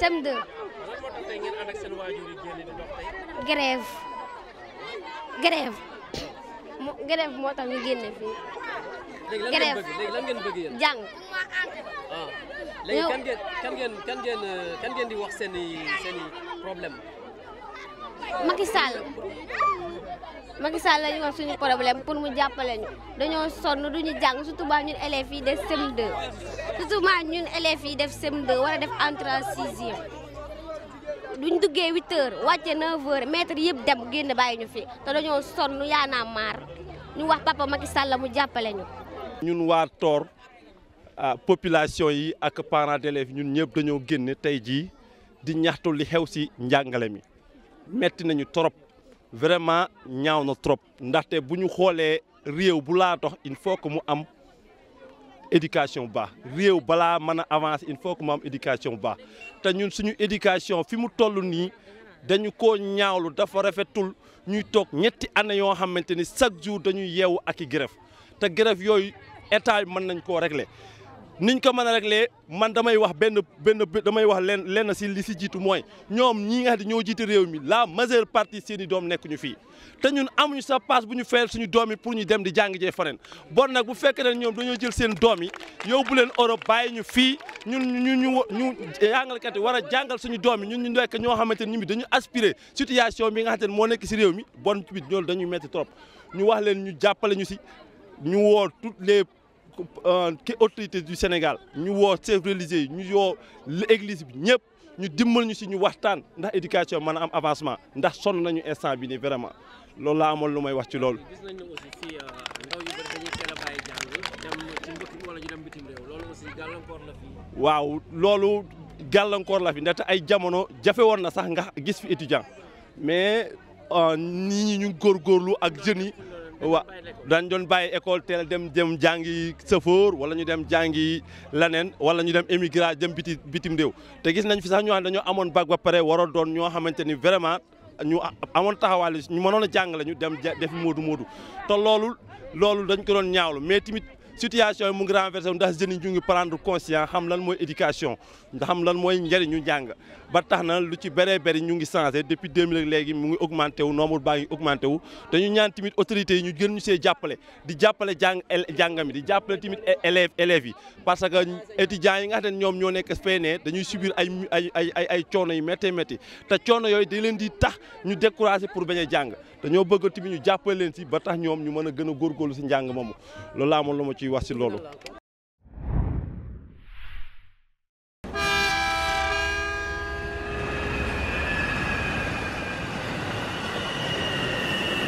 CM2. lan moo ngeen seen waajur yi génn di dox moo tax ñu génne fii. grève léegi lan ngeen bëgg yéen jàng. Ah. léegi kan ngeen kan ngeen kan ngeen di wax seen i seen i problème. Macky Macky Sall la ñu suñu problème pour mu jàppale ñu dañoo sonn duñu jàng surtout ba ñun élèves yi def CM2 ma ñun élèves yi def CM2 war a def entrée en sixième duggee huit wàcce neuf heures maître yëpp dem génn bàyyi ñu fi te dañoo sonn yaanaa maar ñu wax papa Macky Sall mu jàppale ñu. ñun waa Tor ah, population yi ak parents d'élèves ñun ñëpp dañoo génn tey jii di ñaxtu li xew ci njàngale mi metti nañu torop vraiment ñaaw na trop ndaxte bu ñu xoolee réew bu laa dox il faut que mu am éducation bu baax réew balaa mën a avancer il faut que mu am éducation bu baax te ñun suñu éducation fi mu toll nii dañu ko ñaawlu dafa rafetul ñuy toog ñetti année yoo xamante ni chaque jour dañuy yeewu ak i grève te grève yooyu état mën nañ koo régler niñ ko mën a réglé man damay wax benn benn damay wax lenn lenn si li si jiitu mooy ñoom ñi nga xam ne ñoo réew mi la majeure partie seen doom nekkuñu fii te ñun amuñu sa passe bu ñu suñu doom yi pour ñu dem di jàng jee faneen bon nag bu fekkee ñoom dañoo jël seen doom yi yóbbu leen Europe bàyyi ñu fii ñun ñu ñu ñu jàngalkat war a jàngal suñu doom yi ñun ñu nekk ñoo xamante ne ñu dañu aspiré situation bi nga moo nekk si réew mi bon bi ñoolu dañuy metti trop ñu wax leen ñu jàppale ñu si ñu woo toutes les Euh, ki autorité du Sénégal ñu woo chef religieux yi ñu woo église bi ñëpp ñu dimbal ñu si ñu waxtaan ndax éducation man am avancement ndax sonn nañu instant bi nii vraiment loolu laa amoon lu may wax ci loolu. gis euh, ñu dem bitim réew loolu aussi gàllankoor la waaw loolu gallankoor la fi ndaxte ay jamono jafe woon na sax nga gis fi étudiant mais euh, nit ñu góorgóorlu ak jeunes yi. wa dañ doon bàyyi école teel dem dem jàngi safoor wala ñu dem jàngi laneen wala ñu dem émigrage dem biti bitim réew te gis nañ fi sax ñoo xam dañoo amoon bac ba pare waroon doon ñoo xamante ni vraiment ñu amoon taxawaale ñu mënoon a jàngale ñu dem def moodu moodu te loolu loolu dañ ko doon ñaawlu mais tamit situation yi mu ngi renversé ndax jeunes yi ñu ngi prendre conscience xam lan mooy éducation xam lan mooy njëriñu njàng ba tax na lu ci bëree bëri ñu ngi changé depuis 2000 léegi mu ngi augmenté wu nombre baa ngi augmenté wu dañu ñaan tamit autorité yi ñu gën ñu see jàppale di jàppale jàng jàngami di jàppale tamit e-, élèves élèves yi parce que étudiants yi nga xam ne ñoom ñoo nekk feenee dañuy subir ay ay ay ay ay coono yu métti métti te coono yooyu day leen di tax ñu découragé pour bañ a jàng dañoo bëgg tamit ñu jàppale leen si ba tax ñoom ñu mën a gën a góorgóorlu si njàng moomu wax si